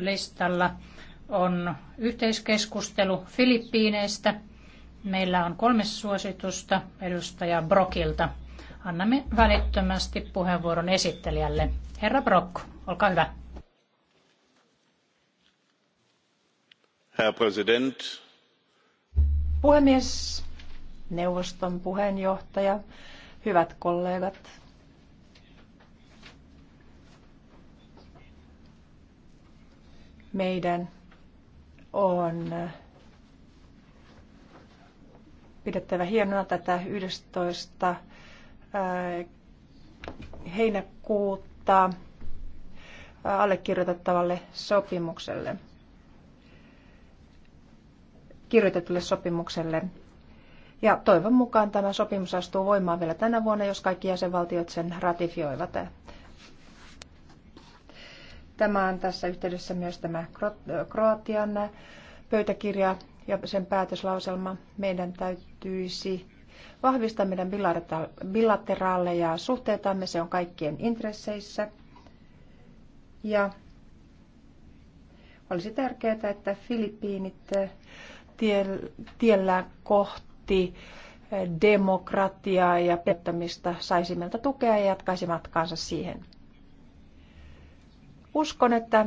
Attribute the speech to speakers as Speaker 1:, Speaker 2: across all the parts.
Speaker 1: listalla on yhteiskeskustelu Filippiineistä. Meillä on kolme suositusta edustaja Brokilta. Annamme välittömästi puheenvuoron esittelijälle. Herra Brok, olkaa hyvä.
Speaker 2: Herr President.
Speaker 3: Puhemies, neuvoston puheenjohtaja, hyvät kollegat, meidän on äh, pidettävä hienona tätä 11. Äh, heinäkuuta äh, allekirjoitettavalle sopimukselle, kirjoitetulle sopimukselle. Ja toivon mukaan tämä sopimus astuu voimaan vielä tänä vuonna, jos kaikki jäsenvaltiot sen ratifioivat. Tämä on tässä yhteydessä myös tämä Kroatian pöytäkirja ja sen päätöslauselma. Meidän täytyisi vahvistaa meidän bilateraaleja suhteitamme, se on kaikkien intresseissä. Ja olisi tärkeää, että Filippiinit eh, tiellä kohti eh, demokratiaa ja pettämistä saisi meiltä tukea ja jatkaisi matkaansa siihen. Uskon, että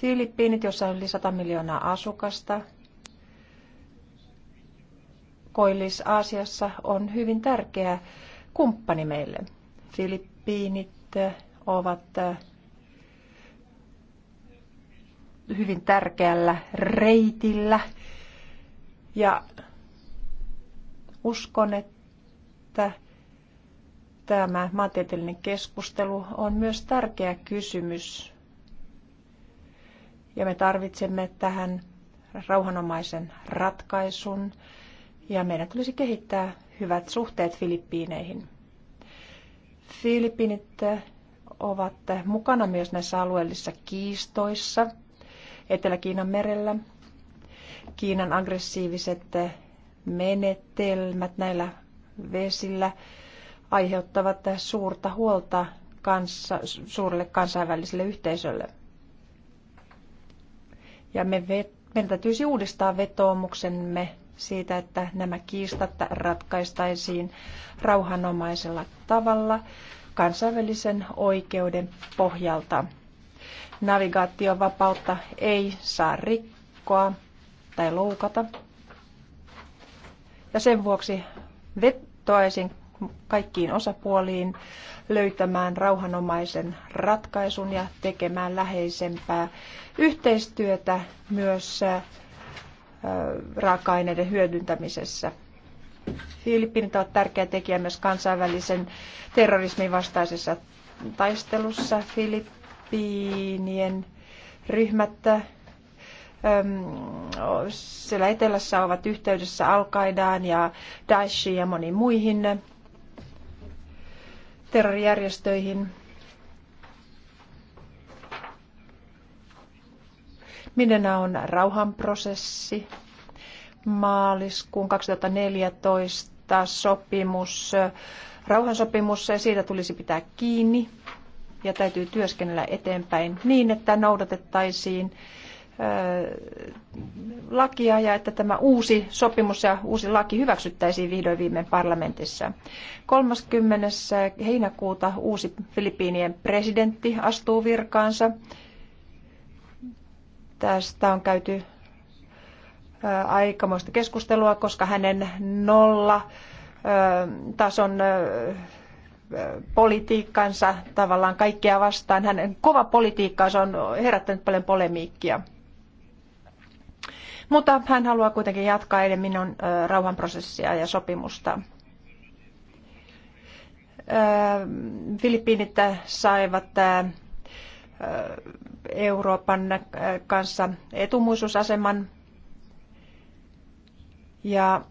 Speaker 3: Filippiinit, jossa on yli 100 miljoonaa asukasta, Koillis-Aasiassa on hyvin tärkeä kumppani meille. Filippiinit ovat äh, hyvin tärkeällä reitillä ja uskon, että tämä maantieteellinen keskustelu on myös tärkeä kysymys ja me tarvitsemme tähän rauhanomaisen ratkaisun ja meidän tulisi kehittää hyvät suhteet Filippiineihin. Filippiinit ovat mukana myös näissä alueellisissa kiistoissa Etelä-Kiinan merellä. Kiinan aggressiiviset menetelmät näillä vesillä aiheuttavat suurta huolta kanssa, suurelle kansainväliselle yhteisölle – ja me meidän täytyisi uudistaa vetoomuksemme siitä, että nämä kiistat ratkaistaisiin rauhanomaisella tavalla kansainvälisen oikeuden pohjalta. Navigaatiovapautta ei saa rikkoa tai loukata. Ja sen vuoksi vetoaisin kaikkiin osapuoliin löytämään rauhanomaisen ratkaisun ja tekemään läheisempää yhteistyötä myös äh, raaka-aineiden hyödyntämisessä. Filippiinit ovat tärkeä tekijä myös kansainvälisen terrorismin vastaisessa taistelussa. Filippiinien ryhmät ähm, siellä etelässä ovat yhteydessä al ja Daeshiin ja moniin muihin terrorijärjestöihin. Minenä on rauhanprosessi. Maaliskuun 2014 sopimus, rauhansopimus, ja siitä tulisi pitää kiinni ja täytyy työskennellä eteenpäin niin, että noudatettaisiin lakia ja että tämä uusi sopimus ja uusi laki hyväksyttäisiin vihdoin viimein parlamentissa. 30. heinäkuuta uusi Filippiinien presidentti astuu virkaansa. Tästä on käyty aikamoista keskustelua, koska hänen nolla tason politiikkansa tavallaan kaikkea vastaan. Hänen kova politiikkaansa on herättänyt paljon polemiikkia. Mutta hän haluaa kuitenkin jatkaa Edeminnon rauhanprosessia ja sopimusta. Filippiinit saivat Euroopan kanssa etumuisuusaseman ja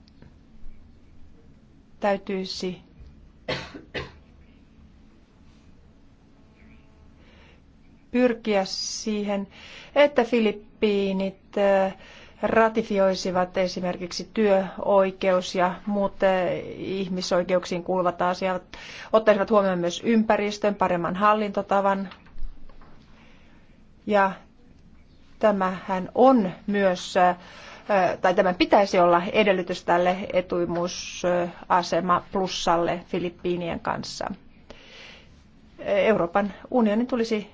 Speaker 3: täytyisi pyrkiä siihen, että Filippiinit ratifioisivat esimerkiksi työoikeus ja muut eh, ihmisoikeuksiin kuuluvat asiat, ottaisivat huomioon myös ympäristön, paremman hallintotavan. Ja tämähän on myös, eh, tai tämän pitäisi olla edellytys tälle etuimusasema plussalle Filippiinien kanssa. Euroopan unionin tulisi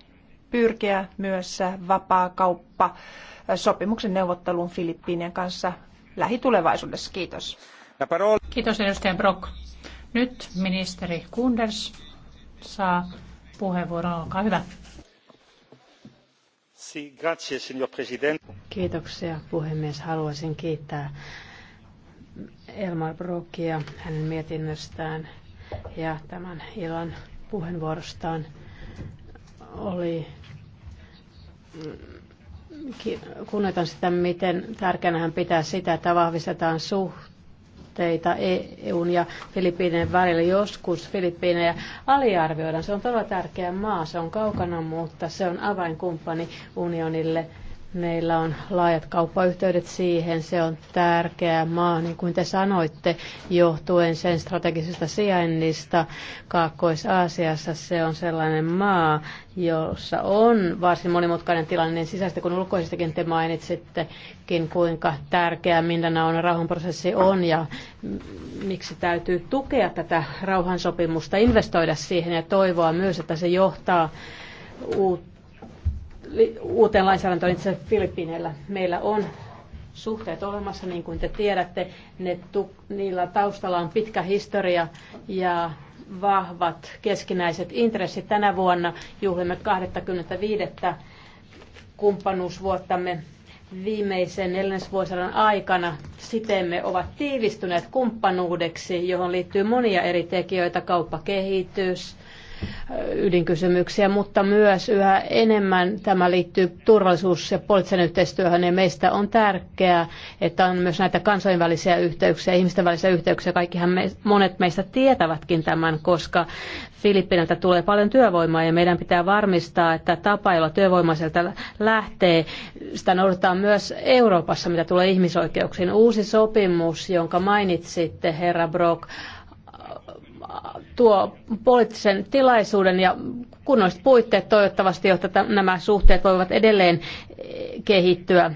Speaker 3: pyrkiä myös vapaa kauppa sopimuksen neuvotteluun Filippiinien kanssa lähitulevaisuudessa. Kiitos. Kiitos edustaja Brock. Nyt ministeri Kunders
Speaker 1: saa puheenvuoron. Olkaa hyvä. Kiitoksia puhemies. Haluaisin kiittää Elmar Brokia hänen mietinnöstään ja tämän illan puheenvuorostaan oli kunnioitan sitä, miten tärkeänä hän pitää sitä, että vahvistetaan suhteita EUn ja Filippiinien välillä. Joskus Filippiinejä aliarvioidaan. Se on todella tärkeä maa, se on kaukana, mutta se on avainkumppani unionille – Meillä on laajat kauppayhteydet siihen, se on tärkeä maa, niin kuin te sanoitte, johtuen sen strategisesta sijainnista. Kaakkois-Aasiassa se on sellainen maa, jossa on varsin monimutkainen tilanne niin sisäistä kuin ulkoisistakin. te mainitsittekin, kuinka tärkeää Mindanaon rauhanprosessi on ja miksi täytyy tukea tätä rauhansopimusta, investoida siihen ja toivoa myös, että se johtaa uutta uuteen lainsäädäntöön itse Filippiineillä. Meillä on suhteet olemassa, niin kuin te tiedätte. Ne tu- niillä taustalla on pitkä historia ja vahvat keskinäiset intressit. Tänä vuonna juhlimme 25. kumppanuusvuottamme viimeisen neljännesvuosisadan aikana siteemme ovat tiivistyneet kumppanuudeksi, johon liittyy monia eri tekijöitä, kauppakehitys, ydinkysymyksiä, mutta myös yhä enemmän tämä liittyy turvallisuus- ja poliittisen yhteistyöhön, ja meistä on tärkeää, että on myös näitä kansainvälisiä yhteyksiä, ihmisten välisiä yhteyksiä. Kaikkihan me, monet meistä tietävätkin tämän, koska Filippiiniltä tulee paljon työvoimaa, ja meidän pitää varmistaa, että tapa, jolla työvoima sieltä lähtee, sitä noudatetaan myös Euroopassa, mitä tulee ihmisoikeuksiin. Uusi sopimus, jonka mainitsitte, herra Brock, tuo poliittisen tilaisuuden ja kunnolliset puitteet toivottavasti, jotta nämä suhteet voivat edelleen eh, kehittyä.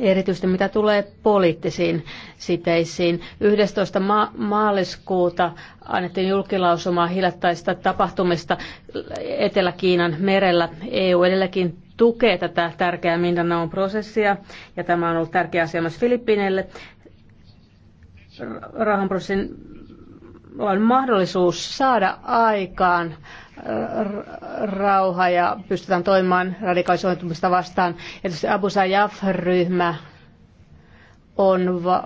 Speaker 1: Erityisesti mitä tulee poliittisiin siteisiin. 11. Ma- maaliskuuta annettiin julkilausuma hiljattaista tapahtumista Etelä-Kiinan merellä. EU edelläkin tukee tätä tärkeää Mindanaon prosessia ja tämä on ollut tärkeä asia myös Filippiineille rahanprosessin on mahdollisuus saada aikaan äh, rauha ja pystytään toimimaan radikalisoitumista vastaan. Tietysti Abu Sayyaf-ryhmä on va-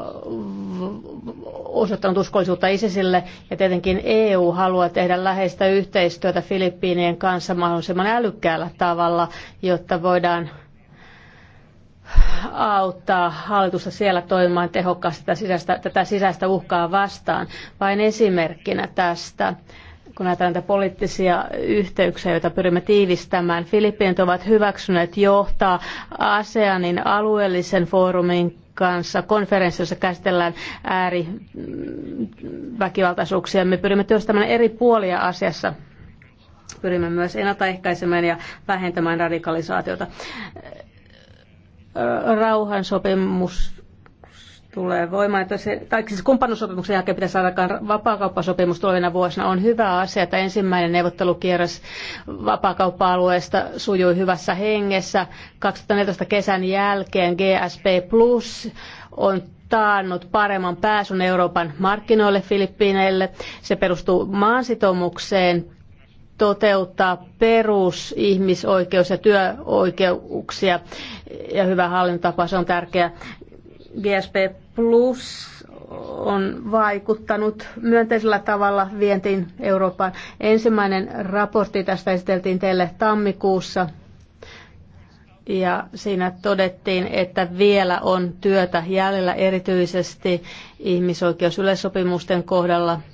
Speaker 1: osoittanut uskollisuutta ISISille ja tietenkin EU haluaa tehdä läheistä yhteistyötä Filippiinien kanssa mahdollisimman älykkäällä tavalla, jotta voidaan auttaa hallitusta siellä toimimaan tehokkaasti tätä sisäistä, tätä sisäistä uhkaa vastaan. Vain esimerkkinä tästä kun ajatellaan näitä poliittisia yhteyksiä, joita pyrimme tiivistämään. Filippiinit ovat hyväksyneet johtaa ASEANin alueellisen foorumin kanssa konferenssi, jossa käsitellään ääriväkivaltaisuuksia. Me pyrimme työstämään eri puolia asiassa. Pyrimme myös ennaltaehkäisemään ja vähentämään radikalisaatiota rauhansopimus tulee voimaan, että se, tai siis kumppanuussopimuksen jälkeen pitäisi saada vapaakauppasopimus tulevina vuosina. On hyvä asia, että ensimmäinen neuvottelukierros vapaakauppa-alueesta sujui hyvässä hengessä. 2014 kesän jälkeen GSP Plus on taannut paremman pääsyn Euroopan markkinoille Filippiineille. Se perustuu maansitomukseen toteuttaa ihmisoikeus- ja työoikeuksia ja hyvä hallintotapa, se on tärkeä. GSP Plus on vaikuttanut myönteisellä tavalla vientiin Eurooppaan. Ensimmäinen raportti tästä esiteltiin teille tammikuussa ja siinä todettiin, että vielä on työtä jäljellä erityisesti ihmisoikeusyleissopimusten kohdalla –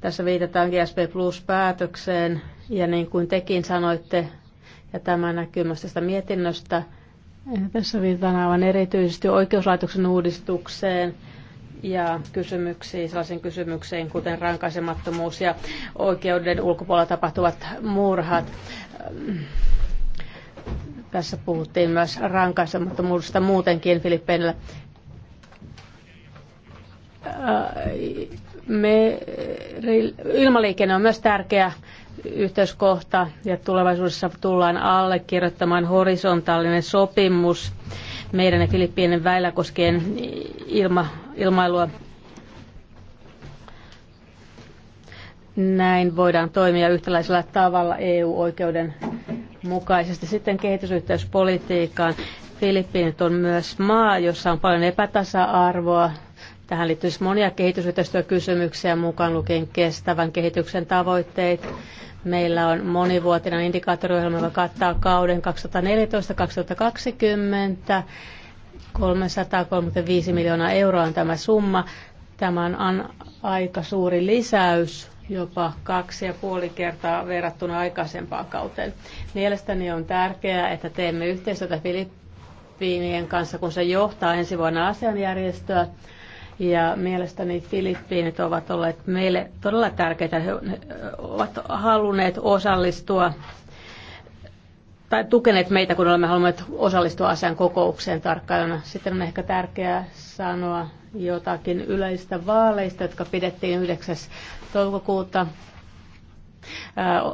Speaker 1: tässä viitataan GSP Plus-päätökseen ja niin kuin tekin sanoitte, ja tämä näkyy myös tästä mietinnöstä, tässä viitataan aivan erityisesti oikeuslaitoksen uudistukseen ja kysymyksiin, sellaisiin kysymyksiin kuten rankaisemattomuus ja oikeuden ulkopuolella tapahtuvat murhat. Tässä puhuttiin myös rankaisemattomuudesta muutenkin Filippeinillä me, ilmaliikenne on myös tärkeä yhteyskohta ja tulevaisuudessa tullaan allekirjoittamaan horisontaalinen sopimus meidän ja Filippiinen väillä koskien ilma, ilmailua. Näin voidaan toimia yhtäläisellä tavalla EU-oikeuden mukaisesti. Sitten kehitysyhteyspolitiikkaan. Filippiinit on myös maa, jossa on paljon epätasa-arvoa Tähän liittyy monia kehitysyhteistyökysymyksiä mukaan lukien kestävän kehityksen tavoitteet. Meillä on monivuotinen indikaattoriohjelma, joka kattaa kauden 2014-2020. 335 miljoonaa euroa on tämä summa. Tämä on aika suuri lisäys, jopa kaksi ja puoli kertaa verrattuna aikaisempaan kauteen. Mielestäni on tärkeää, että teemme yhteistyötä Filippiinien kanssa, kun se johtaa ensi vuonna asianjärjestöä. järjestöä ja mielestäni Filippiinit ovat olleet meille todella tärkeitä. He ovat halunneet osallistua tai tukeneet meitä, kun olemme halunneet osallistua asian kokoukseen tarkkailijana. Sitten on ehkä tärkeää sanoa jotakin yleisistä vaaleista, jotka pidettiin 9. toukokuuta.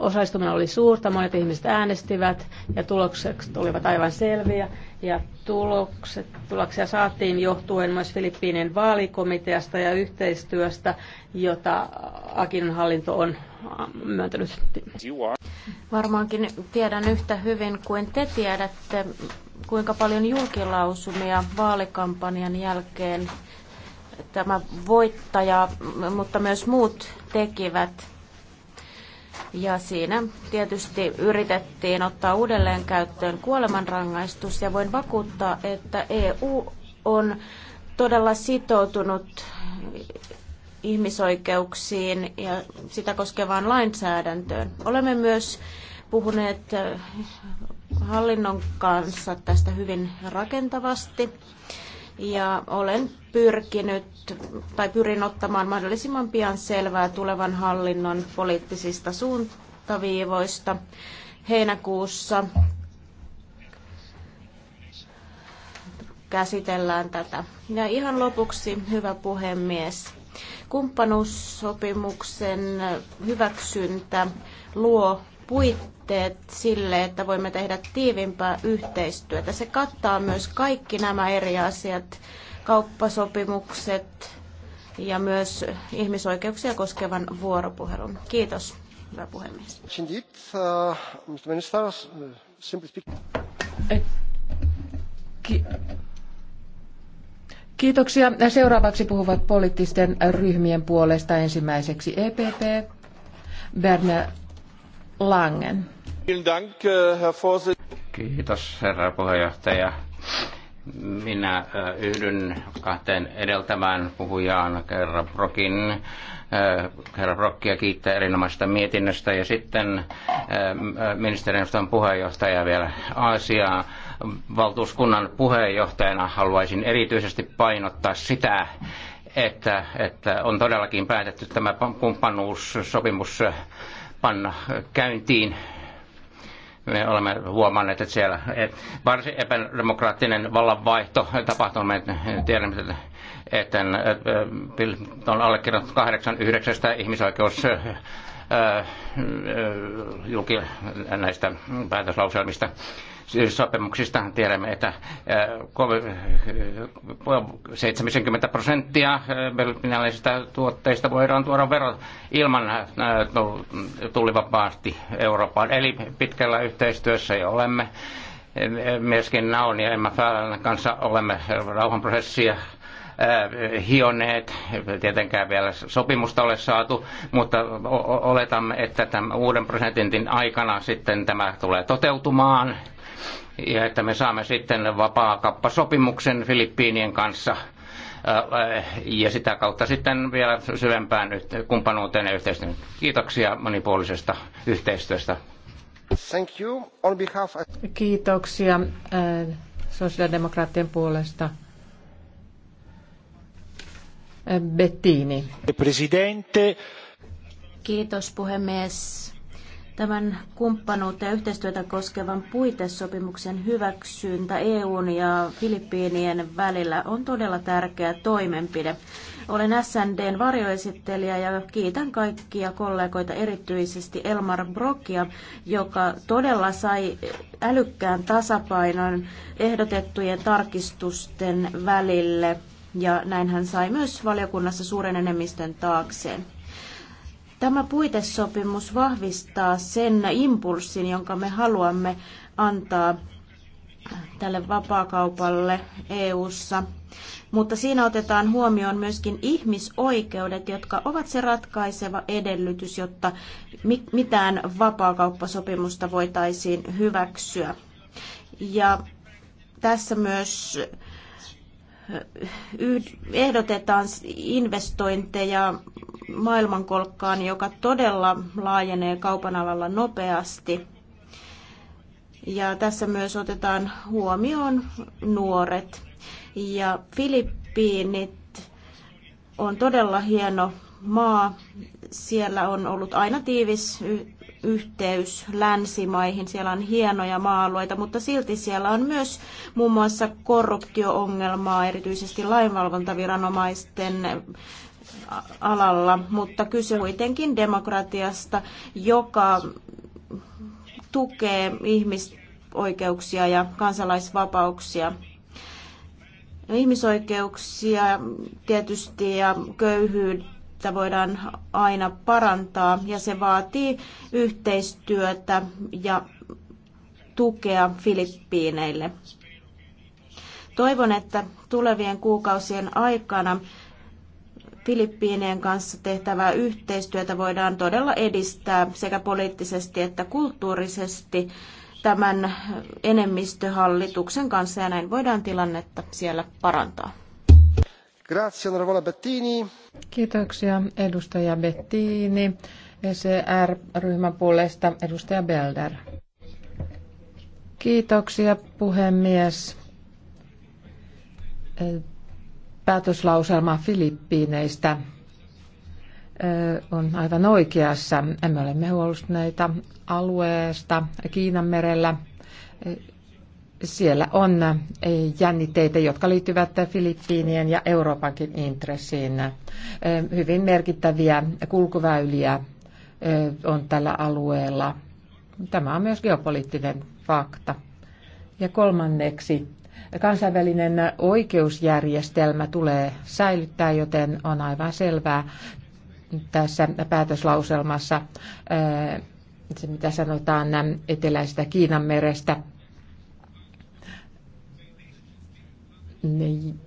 Speaker 1: Osallistuminen oli suurta, monet ihmiset äänestivät ja tulokset olivat aivan selviä ja tulokset, tuloksia saatiin johtuen myös Filippiinien vaalikomiteasta ja yhteistyöstä, jota Akin hallinto on äh, myöntänyt. Varmaankin tiedän yhtä hyvin kuin te tiedätte,
Speaker 4: kuinka paljon julkilausumia vaalikampanjan jälkeen tämä voittaja, mutta myös muut tekivät. Ja siinä tietysti yritettiin ottaa uudelleen käyttöön kuolemanrangaistus ja voin vakuuttaa, että EU on todella sitoutunut ihmisoikeuksiin ja sitä koskevaan lainsäädäntöön. Olemme myös puhuneet eh, hallinnon kanssa tästä hyvin rakentavasti ja olen pyrkinyt tai pyrin ottamaan mahdollisimman pian selvää tulevan hallinnon poliittisista suuntaviivoista heinäkuussa käsitellään tätä. Ja ihan lopuksi, hyvä puhemies, kumppanuussopimuksen hyväksyntä luo puitteet sille, että voimme tehdä tiivimpää yhteistyötä. Se kattaa myös kaikki nämä eri asiat, kauppasopimukset ja myös ihmisoikeuksia koskevan vuoropuhelun. Kiitos, hyvä puhemies.
Speaker 5: Äh, äh,
Speaker 6: äh, Kiitoksia. Seuraavaksi puhuvat poliittisten ryhmien puolesta ensimmäiseksi EPP, Berner Langen.
Speaker 2: Äh, Kiitos, herra puheenjohtaja. Minä äh, yhdyn kahteen edeltävään puhujaan, kerran Brokin. Äh, herra Brokkia kiittää erinomaisesta mietinnöstä ja sitten ministerineuvoston puheenjohtaja vielä asiaa Valtuuskunnan puheenjohtajana haluaisin erityisesti painottaa sitä, että, että on todellakin päätetty tämä kumppanuussopimus panna käyntiin. Me olemme huomanneet, että siellä varsin epädemokraattinen vallanvaihto tapahtuu. Me tiedämme, että että on allekirjoittanut kahdeksan yhdeksästä ihmisoikeus julki näistä päätöslauselmista siis sopimuksista. Tiedämme, että 70 prosenttia belgialaisista tuotteista voidaan tuoda verot ilman tullivapaasti Eurooppaan. Eli pitkällä yhteistyössä jo olemme. Myöskin Naon ja MFL kanssa olemme rauhanprosessia Äh, hioneet. Tietenkään vielä sopimusta ole saatu, mutta oletamme, että tämän uuden prosentin aikana sitten tämä tulee toteutumaan ja että me saamme sitten vapaakauppasopimuksen Filippiinien kanssa äh, ja sitä kautta sitten vielä syvempään kumppanuuteen ja yhteistyöhön. Kiitoksia monipuolisesta yhteistyöstä.
Speaker 6: Thank you.
Speaker 2: On behalf of...
Speaker 6: Kiitoksia äh, sosiaalidemokraattien puolesta. Bettini.
Speaker 3: Presidente.
Speaker 4: Kiitos puhemies. Tämän kumppanuutta ja yhteistyötä koskevan puitesopimuksen hyväksyntä EUn ja Filippiinien välillä on todella tärkeä toimenpide. Olen SNDn varjoesittelijä ja kiitän kaikkia kollegoita, erityisesti Elmar Brokia, joka todella sai älykkään tasapainon ehdotettujen tarkistusten välille ja näin hän sai myös valiokunnassa suuren enemmistön taakseen. Tämä puitesopimus vahvistaa sen impulssin, jonka me haluamme antaa tälle vapaakaupalle EU:ssa. Mutta siinä otetaan huomioon myöskin ihmisoikeudet, jotka ovat se ratkaiseva edellytys, jotta mitään vapaakauppasopimusta voitaisiin hyväksyä. Ja tässä myös ehdotetaan investointeja maailmankolkkaan, joka todella laajenee kaupan alalla nopeasti. Ja tässä myös otetaan huomioon nuoret. Ja Filippiinit on todella hieno maa. Siellä on ollut aina tiivis yhteys länsimaihin. Siellä on hienoja maa-alueita, mutta silti siellä on myös muun muassa korruptioongelmaa, erityisesti lainvalvontaviranomaisten alalla, mutta kyse kuitenkin demokratiasta, joka tukee ihmisoikeuksia ja kansalaisvapauksia. Ihmisoikeuksia tietysti ja köyhyyttä sitä voidaan aina parantaa ja se vaatii yhteistyötä ja tukea Filippiineille. Toivon, että tulevien kuukausien aikana Filippiinien kanssa tehtävää yhteistyötä voidaan todella edistää sekä poliittisesti että kulttuurisesti tämän enemmistöhallituksen kanssa ja näin voidaan tilannetta siellä parantaa.
Speaker 5: Grazie, onorevole Bettini.
Speaker 6: Kiitoksia, edustaja Bettini. SR-ryhmän e puolesta edustaja Belder. Kiitoksia, puhemies. E, päätöslauselma Filippiineistä e, on aivan oikeassa. Emme ole huolestuneita alueesta Kiinan merellä siellä on eh, jännitteitä, jotka liittyvät Filippiinien ja Euroopankin intressiin. Eh, hyvin merkittäviä kulkuväyliä eh, on tällä alueella. Tämä on myös geopoliittinen fakta. Ja kolmanneksi, kansainvälinen oikeusjärjestelmä tulee säilyttää, joten on aivan selvää tässä päätöslauselmassa se, mitä sanotaan Eteläisestä Kiinan merestä – Niin.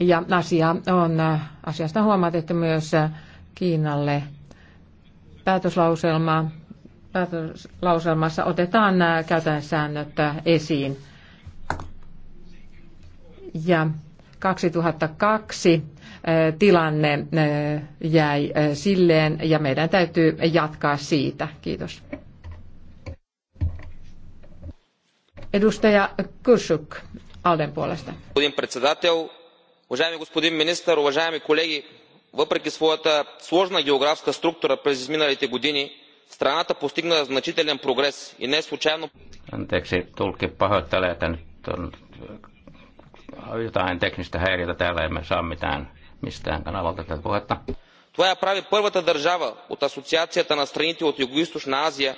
Speaker 6: Ja asia on, asiasta huomautettu myös Kiinalle. Päätöslauselma, päätöslauselmassa otetaan nämä käytännön säännöt esiin. Ja 2002 tilanne jäi silleen ja meidän täytyy jatkaa siitä. Kiitos. Edustaja Kusuk, Alden puolesta.
Speaker 5: Уважаеми господин министър, уважаеми колеги, въпреки своята сложна географска структура през изминалите години, страната постигна значителен прогрес и не случайно...
Speaker 2: Anteeksi, tulkki pahoittelee, että nyt
Speaker 5: on
Speaker 2: jotain teknistä häiriötä täällä, emme saa mitään mistään kanavalta tätä puhetta.
Speaker 5: Това я прави първата държава от Асоциацията на страните от Юго-Источна Азия,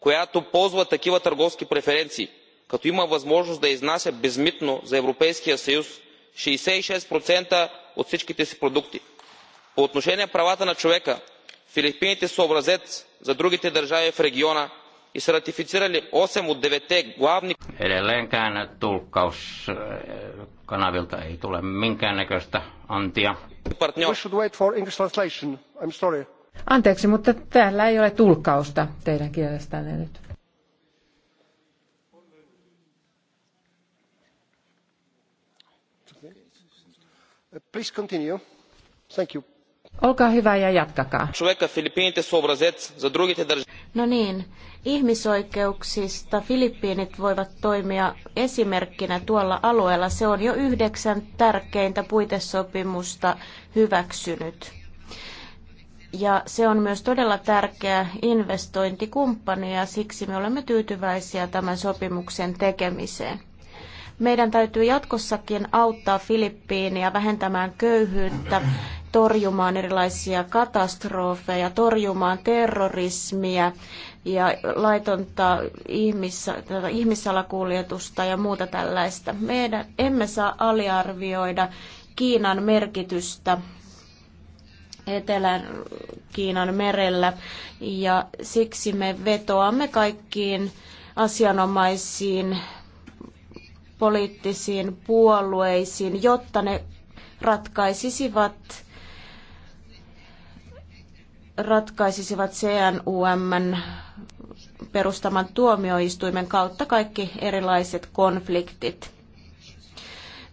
Speaker 5: която ползва такива търговски преференции – като има възможност да изнася безмитно за европейския съюз 66% от всичките си продукти. по отношение правата на човека филипините са образец за другите държави в региона и са ратифицирали 8 от 9 -те главни.
Speaker 2: Edelleenkään tulkkaus kanavilta ei tule minkäännäköistä antia.
Speaker 5: Partner. We should
Speaker 6: Anteeksi, mutta täällä ei ole tulkkausta teidän kielestänne
Speaker 5: nyt. Uh,
Speaker 4: Olkaa ja No niin, ihmisoikeuksista Filippiinit voivat toimia esimerkkinä tuolla alueella. Se on jo yhdeksän tärkeintä puitesopimusta hyväksynyt. Ja se on myös todella tärkeä investointikumppani ja siksi me olemme tyytyväisiä tämän sopimuksen tekemiseen. Meidän täytyy jatkossakin auttaa Filippiiniä vähentämään köyhyyttä, torjumaan erilaisia katastrofeja, torjumaan terrorismia ja laitonta ihmis, ihmissalakuljetusta ja muuta tällaista. Meidän emme saa aliarvioida Kiinan merkitystä Etelän Kiinan merellä ja siksi me vetoamme kaikkiin asianomaisiin poliittisiin puolueisiin, jotta ne ratkaisisivat ratkaisisivat CNUM perustaman tuomioistuimen kautta kaikki erilaiset konfliktit.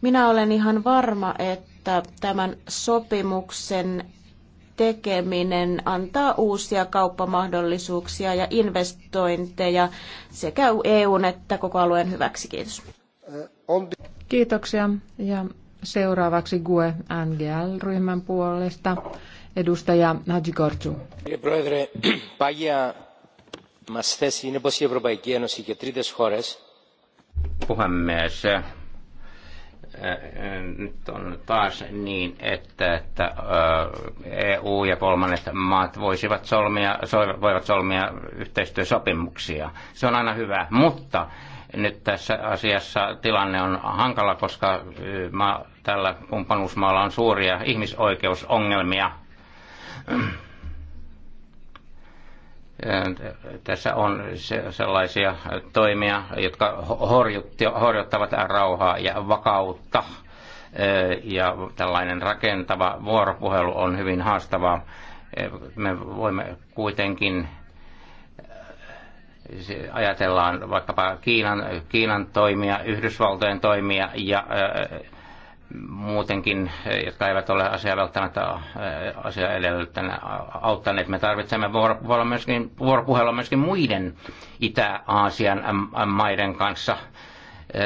Speaker 4: Minä olen ihan varma, että tämän sopimuksen tekeminen antaa uusia kauppamahdollisuuksia ja investointeja sekä EUn että koko alueen hyväksi. Kiitos.
Speaker 6: Kiitoksia. Ja seuraavaksi GUE NGL-ryhmän puolesta edustaja Nadji Gortsu.
Speaker 2: Puhemies, nyt on taas niin, että, että EU ja kolmannet maat voisivat solmia, voivat solmia yhteistyösopimuksia. Se on aina hyvä, mutta nyt tässä asiassa tilanne on hankala, koska tällä kumppanuusmaalla on suuria ihmisoikeusongelmia. Tässä on sellaisia toimia, jotka horjuttavat rauhaa ja vakautta. Ja tällainen rakentava vuoropuhelu on hyvin haastavaa. Me voimme kuitenkin ajatellaan vaikkapa Kiinan, Kiinan toimia, Yhdysvaltojen toimia ja ää, muutenkin, jotka eivät ole asiaa välttämättä asia edellyttäneet, auttaneet. Me tarvitsemme vuoropuhelua myöskin, vuoropuhelua myöskin muiden Itä-Aasian maiden kanssa,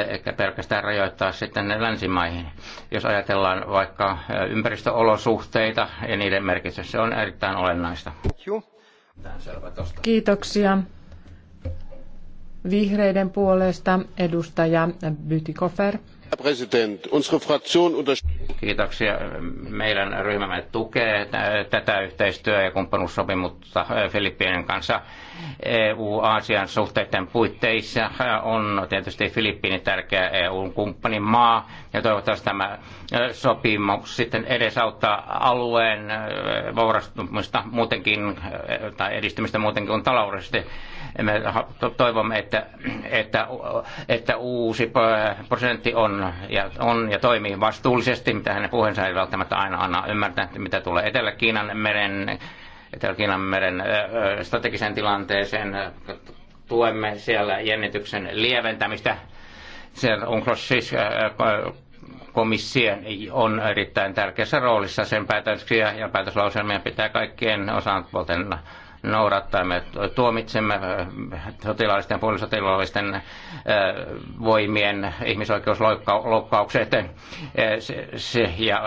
Speaker 2: eikä pelkästään rajoittaa sitten ne länsimaihin. Jos ajatellaan vaikka ympäristöolosuhteita ja niiden merkitys, se on erittäin olennaista.
Speaker 6: Kiitoksia. Vihreiden puolesta edustaja Bytikofer.
Speaker 2: Kiitoksia. Meidän ryhmämme tukee tätä yhteistyö- ja kumppanuussopimusta äh, Filippiinien kanssa EU-Aasian suhteiden puitteissa on tietysti Filippiini tärkeä EU-kumppanin maa ja toivottavasti tämä e, sopimus sitten edesauttaa alueen e, vaurastumista muutenkin e, tai edistymistä muutenkin kuin taloudellisesti. Me toivomme, että, että, että uusi prosentti on ja, on ja toimii vastuullisesti, mitä hänen puheensa ei välttämättä aina anna ymmärtää, mitä tulee Etelä-Kiinan meren Etelä-Kiinan meren strategiseen tilanteeseen. Tuemme siellä jännityksen lieventämistä. se UNCLOS siis komissio on erittäin tärkeässä roolissa. Sen päätöksiä ja päätöslauselmia pitää kaikkien osapuolten noudattaa. Me tuomitsemme äh, sotilaallisten ja äh, voimien ihmisoikeusloukkaukset äh, ja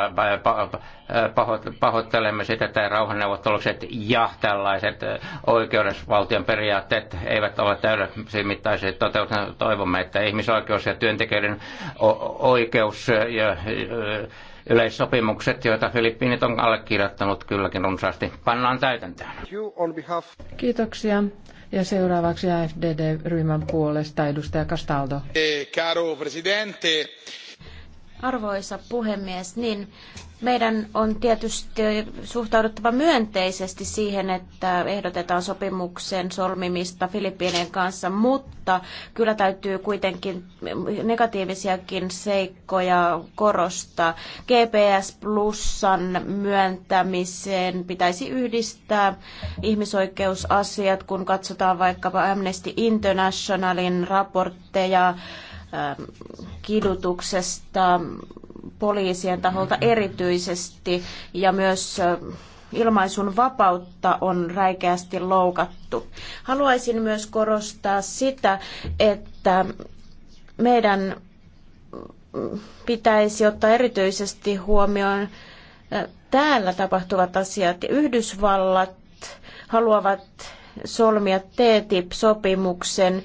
Speaker 2: pahoittelemme sitä, että rauhanneuvottelukset ja tällaiset oikeudesvaltion periaatteet eivät ole täydellisiä toteutuneet. Toivomme, että ihmisoikeus ja työntekijöiden oikeus ja yleissopimukset, joita Filippiinit on allekirjoittanut kylläkin runsaasti, pannaan täytäntöön.
Speaker 6: Kiitoksia. Ja seuraavaksi
Speaker 4: AFDD-ryhmän puolesta edustaja Castaldo.
Speaker 5: Eh, caro presidente.
Speaker 4: Arvoisa puhemies, niin meidän on tietysti suhtauduttava myönteisesti siihen, että ehdotetaan sopimuksen solmimista Filippiinien kanssa, mutta kyllä täytyy kuitenkin negatiivisiakin seikkoja korostaa. GPS Plusan myöntämiseen pitäisi yhdistää ihmisoikeusasiat, kun katsotaan vaikkapa Amnesty Internationalin raportteja kidutuksesta, poliisien taholta erityisesti ja myös ilmaisun vapautta on räikeästi loukattu. Haluaisin myös korostaa sitä, että meidän pitäisi ottaa erityisesti huomioon täällä tapahtuvat asiat. Yhdysvallat haluavat solmia TTIP-sopimuksen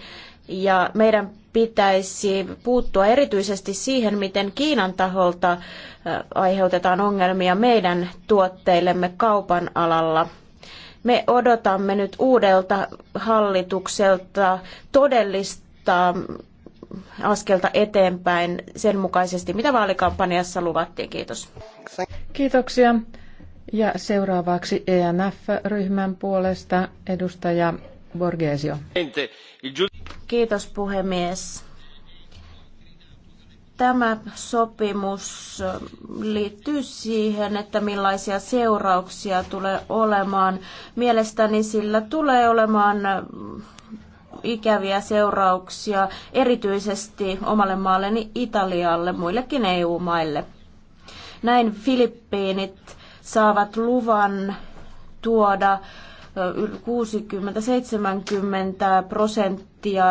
Speaker 4: ja meidän pitäisi puuttua erityisesti siihen, miten Kiinan taholta äh, aiheutetaan ongelmia meidän tuotteillemme kaupan alalla. Me odotamme nyt uudelta hallitukselta todellista askelta eteenpäin sen mukaisesti, mitä vaalikampanjassa luvattiin. Kiitos. Kiitoksia.
Speaker 6: Ja seuraavaksi ENF-ryhmän puolesta edustaja Borgesio.
Speaker 4: Kiitos puhemies. Tämä sopimus liittyy siihen, että millaisia seurauksia tulee olemaan. Mielestäni sillä tulee olemaan ikäviä seurauksia erityisesti omalle maalleni Italialle, muillekin EU-maille. Näin Filippiinit saavat luvan tuoda 60-70 prosenttia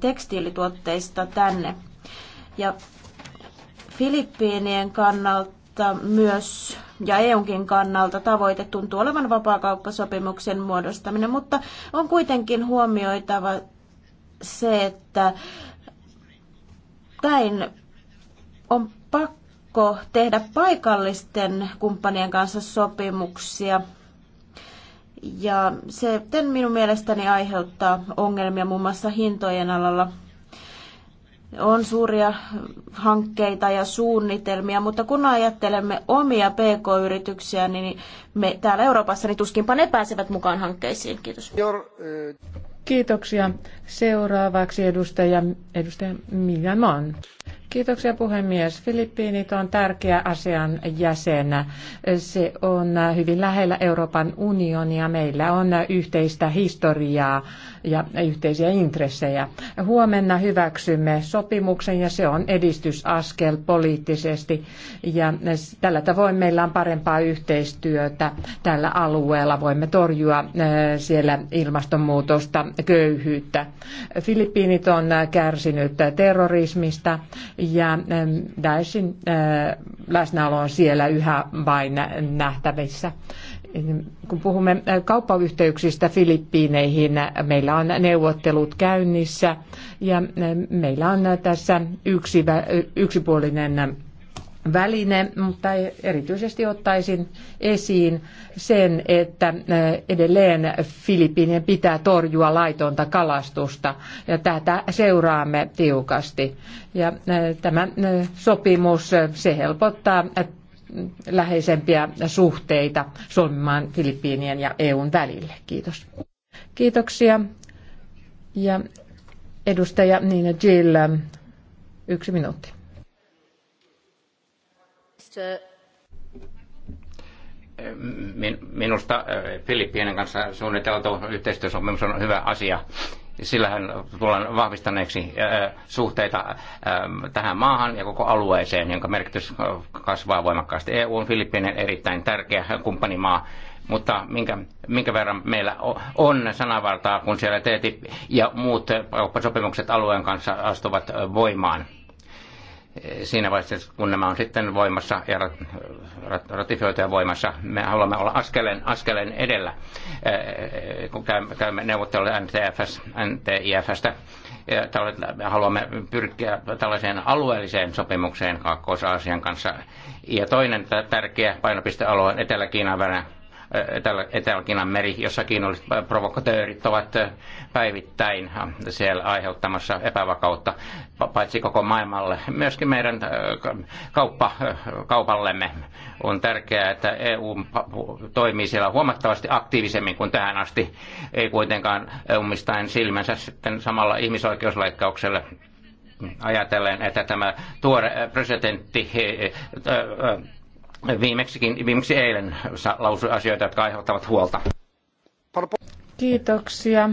Speaker 4: tekstiilituotteista tänne. Ja Filippiinien kannalta myös ja EUnkin kannalta tavoite tuntuu olevan vapaakauppasopimuksen muodostaminen, mutta on kuitenkin huomioitava se, että päin on pakko tehdä paikallisten kumppanien kanssa sopimuksia – ja se minun mielestäni aiheuttaa ongelmia muun muassa hintojen alalla. On suuria hankkeita ja suunnitelmia, mutta kun ajattelemme omia pk-yrityksiä, niin me täällä Euroopassa niin tuskinpa ne pääsevät mukaan hankkeisiin. Kiitos. Eh,
Speaker 6: Kiitoksia. Seuraavaksi edustaja, edustaja Miljan Maan. Kiitoksia puhemies. Filippiinit on tärkeä asian jäsen. Se on hyvin lähellä Euroopan unionia. Meillä on yhteistä historiaa ja yhteisiä intressejä. Huomenna hyväksymme sopimuksen ja se on edistysaskel poliittisesti. Ja tällä tavoin meillä on parempaa yhteistyötä tällä alueella. Voimme torjua eh, siellä ilmastonmuutosta, köyhyyttä. Filippiinit on kärsinyt terrorismista ja Daeshin läsnäolo on siellä yhä vain nähtävissä. Kun puhumme kauppayhteyksistä Filippiineihin, meillä on neuvottelut käynnissä ja meillä on tässä yksipuolinen väline, mutta erityisesti ottaisin esiin sen, että eh, edelleen Filippiinien pitää torjua laitonta kalastusta ja tätä seuraamme tiukasti. Ja eh, tämä eh, sopimus, se helpottaa läheisempiä suhteita solmimaan Filippiinien ja EUn välille. Kiitos. Kiitoksia. Ja edustaja Niina Jill, yksi minuutti.
Speaker 2: Minusta äh, Filippiinen kanssa suunniteltu yhteistyösopimus on hyvä asia. Sillähän tullaan vahvistaneeksi äh, suhteita äh, tähän maahan ja koko alueeseen, jonka merkitys kasvaa voimakkaasti. EU on Filippiinen erittäin tärkeä kumppanimaa mutta minkä, minkä verran meillä on sananvaltaa, kun siellä TTIP ja muut kauppasopimukset alueen kanssa astuvat voimaan siinä vaiheessa, kun nämä on sitten voimassa ja ratifioituja voimassa, me haluamme olla askeleen, askeleen edellä, eh, kun käymme neuvotteluja NTFS, NTIFstä. Me haluamme pyrkiä tällaiseen alueelliseen sopimukseen Kaakkois-Aasian kanssa. Ja toinen tärkeä painopistealue on Etelä-Kiinan Etelä-Kiinan meri, jossa kiinalaiset provokatöörit ovat päivittäin siellä aiheuttamassa epävakautta paitsi koko maailmalle, myöskin meidän äh, kauppa, äh, kaupallemme. On tärkeää, että EU toimii siellä huomattavasti aktiivisemmin kuin tähän asti, ei kuitenkaan e omistaen silmänsä sitten samalla ihmisoikeusleikkaukselle ajatellen, että tämä tuore äh, presidentti Viimeksikin, viimeksi eilen lausui asioita, jotka aiheuttavat huolta.
Speaker 6: Kiitoksia.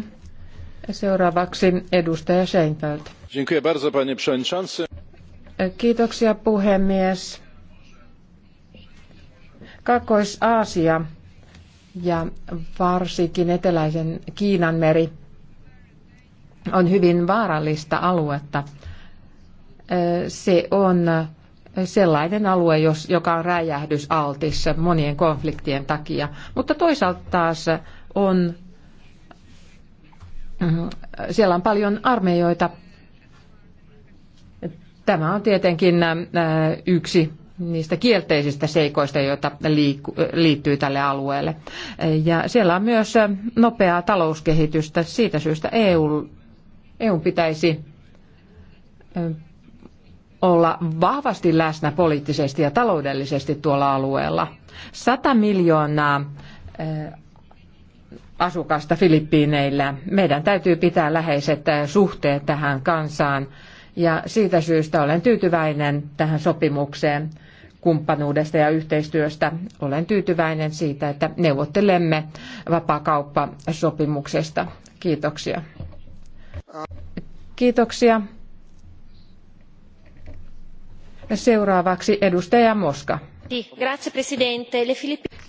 Speaker 6: Seuraavaksi edustaja Seinfeld. Kiitoksia puhemies. Kakkois-Aasia ja varsinkin eteläisen Kiinan meri on hyvin vaarallista aluetta. Se on sellainen alue, jos, joka on räjähdysaltis monien konfliktien takia. Mutta toisaalta taas on, mm, siellä on paljon armeijoita. Tämä on tietenkin äh, yksi niistä kielteisistä seikoista, joita liittyy tälle alueelle. Ja siellä on myös äh, nopeaa talouskehitystä. Siitä syystä EU, EU pitäisi äh, olla vahvasti läsnä poliittisesti ja taloudellisesti tuolla alueella. 100 miljoonaa eh, asukasta Filippiineillä. Meidän täytyy pitää läheiset eh, suhteet tähän kansaan ja siitä syystä olen tyytyväinen tähän sopimukseen kumppanuudesta ja yhteistyöstä. Olen tyytyväinen siitä, että neuvottelemme vapaakauppasopimuksesta. Kiitoksia. Ah. Kiitoksia. Seuraavaksi edustaja Moska.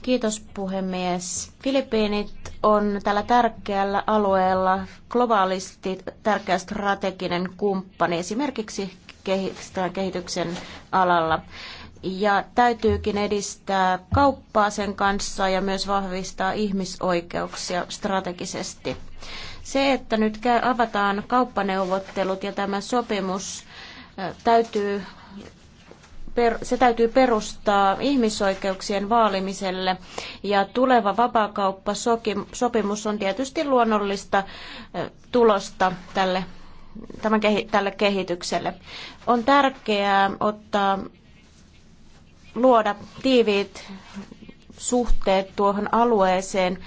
Speaker 4: Kiitos puhemies. Filippiinit on tällä tärkeällä alueella globaalisti tärkeä strateginen kumppani esimerkiksi kehityksen alalla. Ja täytyykin edistää kauppaa sen kanssa ja myös vahvistaa ihmisoikeuksia strategisesti. Se, että nyt avataan kauppaneuvottelut ja tämä sopimus täytyy per, se täytyy perustaa ihmisoikeuksien vaalimiselle ja tuleva vapaakauppasopimus on tietysti luonnollista tulosta tälle, tämän kehi, tälle kehitykselle. On tärkeää ottaa luoda tiiviit suhteet tuohon alueeseen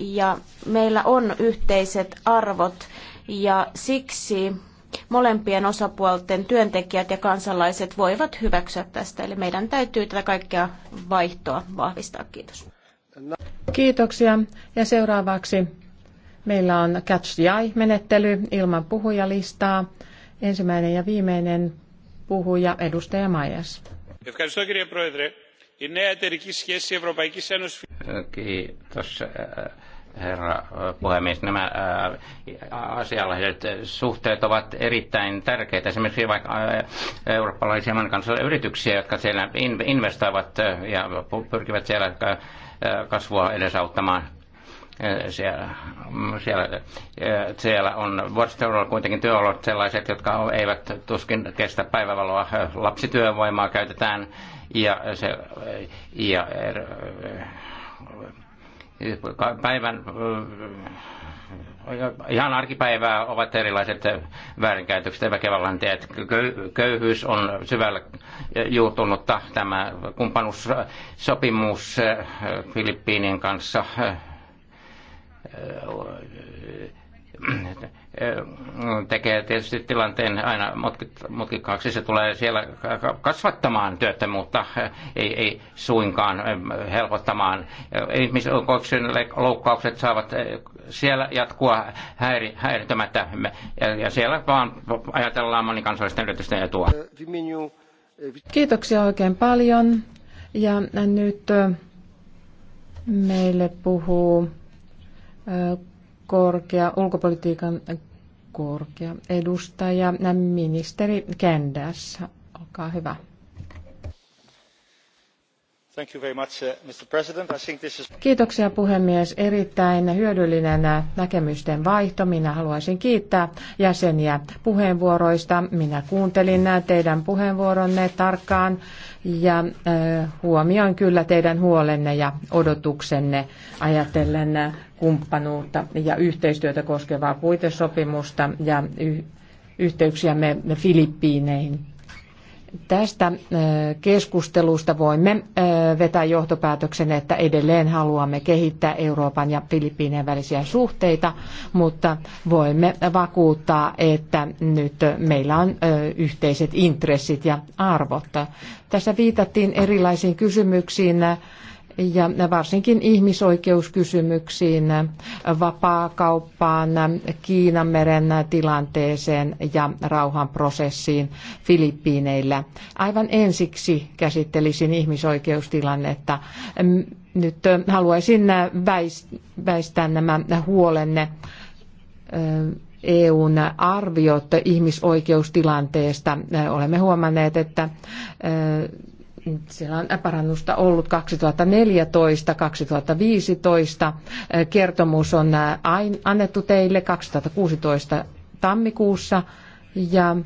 Speaker 4: ja meillä on yhteiset arvot ja siksi molempien osapuolten työntekijät ja kansalaiset voivat hyväksyä tästä. Eli meidän täytyy tätä kaikkea vaihtoa vahvistaa. Kiitos.
Speaker 6: Kiitoksia. Ja seuraavaksi meillä on Catch the Eye-menettely ilman puhujalistaa. Ensimmäinen ja viimeinen puhuja, edustaja Maijas.
Speaker 2: Kiitos herra äh, puhemies. Nämä äh, asialliset suhteet ovat erittäin tärkeitä. Esimerkiksi vaikka äh, eurooppalaisia maailmankansallisia yrityksiä, jotka siellä investoivat ja pyrkivät siellä kasvua edesauttamaan siellä, mm, siellä, siellä on vuoristoalueella kuitenkin työolot sellaiset, jotka eivät tuskin kestä päivävaloa. Lapsityövoimaa käytetään ja, se, ja päivän ihan arkipäivää ovat erilaiset väärinkäytökset ja väkivallanteet. Köyhyys on syvällä juurtunutta. Tämä kumppanuussopimus Filippiinien kanssa tekee tietysti tilanteen aina mutkikkaaksi. Se tulee siellä kasvattamaan työttömyyttä, ei, ei suinkaan helpottamaan. Ihmisoikeuksien loukkaukset saavat siellä jatkua häiri, Ja, ja siellä vaan ajatellaan monikansallisten yritysten etua.
Speaker 6: Kiitoksia oikein paljon. Ja nyt meille puhuu korkea ulkopolitiikan korkea edustaja, ministeri Kändäs. Olkaa hyvä.
Speaker 5: Uh, Kiitoksia
Speaker 6: puhemies. Erittäin hyödyllinen näkemysten vaihto. Minä haluaisin kiittää jäseniä puheenvuoroista. Minä kuuntelin teidän puheenvuoronne tarkkaan ja äh, huomioin kyllä teidän huolenne ja odotuksenne ajatellen kumppanuutta ja yhteistyötä koskevaa puitesopimusta ja yhteyksiämme Filippiineihin Tästä keskustelusta voimme vetää johtopäätöksen, että edelleen haluamme kehittää Euroopan ja Filippiinien välisiä suhteita, mutta voimme vakuuttaa, että nyt meillä on yhteiset intressit ja arvot. Tässä viitattiin erilaisiin kysymyksiin ja varsinkin ihmisoikeuskysymyksiin, vapaakauppaan, Kiinanmeren tilanteeseen ja rauhanprosessiin Filippiineillä. Aivan ensiksi käsittelisin ihmisoikeustilannetta. Nyt haluaisin väistää nämä huolenne EUn arviot ihmisoikeustilanteesta. Olemme huomanneet, että siellä on parannusta ollut 2014-2015. Kertomus on annettu teille 2016 tammikuussa ja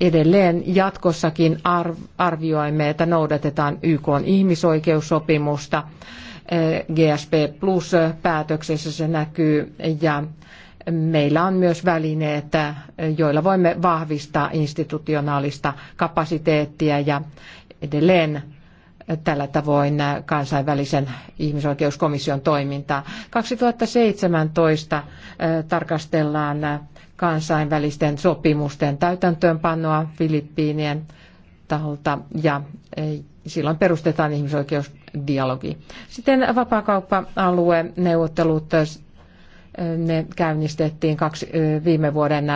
Speaker 6: edelleen jatkossakin arvioimme, että noudatetaan YK ihmisoikeussopimusta. GSP Plus päätöksessä se näkyy ja meillä on myös välineet, joilla voimme vahvistaa institutionaalista kapasiteettia ja edelleen tällä tavoin kansainvälisen ihmisoikeuskomission toimintaa. 2017 eh, tarkastellaan kansainvälisten sopimusten täytäntöönpanoa Filippiinien taholta ja eh, silloin perustetaan ihmisoikeusdialogi. Sitten vapaakauppa-alue, neuvottelut ne käynnistettiin kaksi, viime vuoden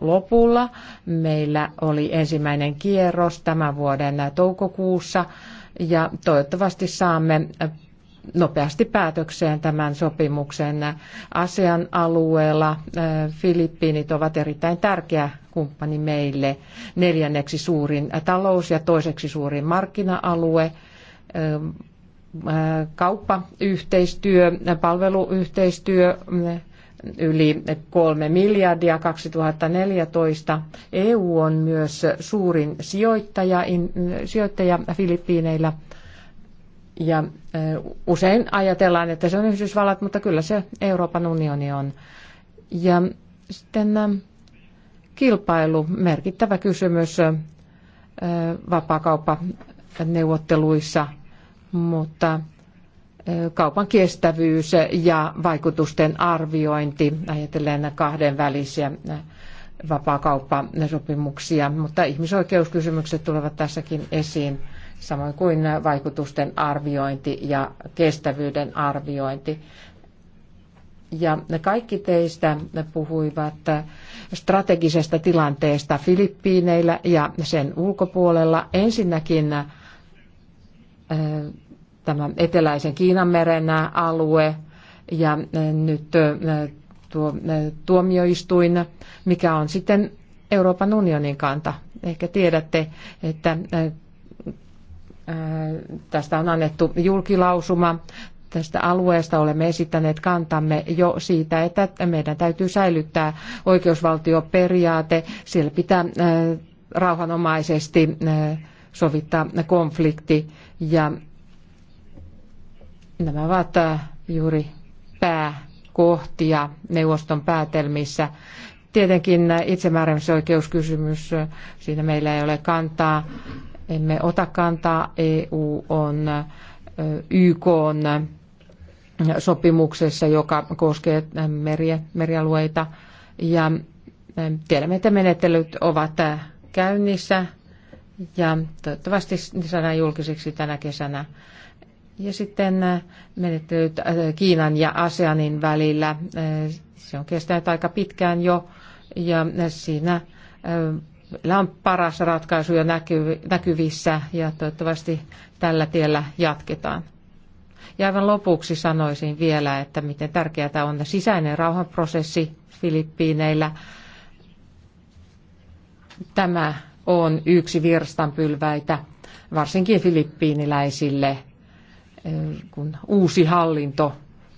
Speaker 6: lopulla. Meillä oli ensimmäinen kierros tämän vuoden toukokuussa ja toivottavasti saamme nopeasti päätökseen tämän sopimuksen asian alueella. Filippiinit ovat erittäin tärkeä kumppani meille, neljänneksi suurin talous ja toiseksi suurin markkina-alue Äh, kauppayhteistyö, palveluyhteistyö äh, yli kolme miljardia 2014. EU on myös suurin sijoittaja, sijoittaja Filippiineillä. Ja äh, usein ajatellaan, että se on Yhdysvallat, mutta kyllä se Euroopan unioni on. Ja sitten kilpailu, merkittävä kysymys vapaakauppaneuvotteluissa – mutta kaupan kestävyys ja vaikutusten arviointi ajatellen kahdenvälisiä vapaakauppasopimuksia, mutta ihmisoikeuskysymykset tulevat tässäkin esiin, samoin kuin vaikutusten arviointi ja kestävyyden arviointi. Ja kaikki teistä puhuivat strategisesta tilanteesta Filippiineillä ja sen ulkopuolella. Ensinnäkin tämä eteläisen Kiinanmeren alue ja nyt tuo tuomioistuin, mikä on sitten Euroopan unionin kanta. Ehkä tiedätte, että tästä on annettu julkilausuma tästä alueesta olemme esittäneet kantamme jo siitä, että meidän täytyy säilyttää oikeusvaltioperiaate. Siellä pitää rauhanomaisesti sovittaa konflikti ja nämä ovat äh, juuri pääkohtia neuvoston päätelmissä. Tietenkin äh, itsemääräämisoikeuskysymys, äh, siinä meillä ei ole kantaa. Emme ota kantaa. EU on YK on sopimuksessa, joka koskee meriä, merialueita. Ja tiedämme, että menettelyt ovat käynnissä ja toivottavasti ne saadaan julkiseksi tänä kesänä. Ja sitten äh, menettelyt äh, Kiinan ja ASEANin välillä. Äh, se on kestänyt aika pitkään jo ja siinä on paras ratkaisu jo näkyvissä ja toivottavasti tällä tiellä jatketaan. Ja aivan lopuksi sanoisin vielä, että miten tärkeää on sisäinen rauhanprosessi Filippiineillä. Tämä on yksi virstanpylväitä, varsinkin filippiiniläisille, eh, kun uusi hallinto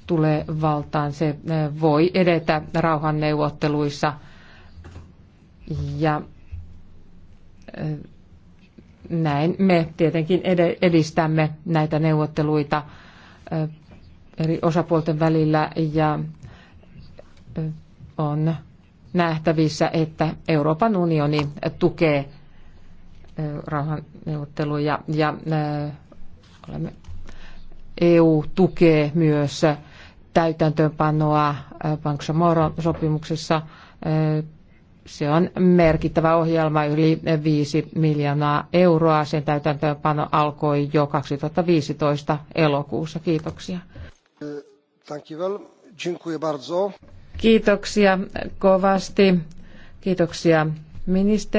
Speaker 6: tulee valtaan. Se eh, voi edetä rauhanneuvotteluissa ja eh, näin me tietenkin edistämme näitä neuvotteluita eri osapuolten välillä ja on nähtävissä, että Euroopan unioni tukee rauhanneuvotteluja ja EU e tukee myös täytäntöönpanoa Banksamoron-sopimuksessa. Se on merkittävä ohjelma, yli 5 miljoonaa euroa. Sen täytäntöönpano alkoi jo 2015 elokuussa. Kiitoksia.
Speaker 5: Thank you well. Dziękuję bardzo.
Speaker 6: Kiitoksia kovasti. Kiitoksia ministeri.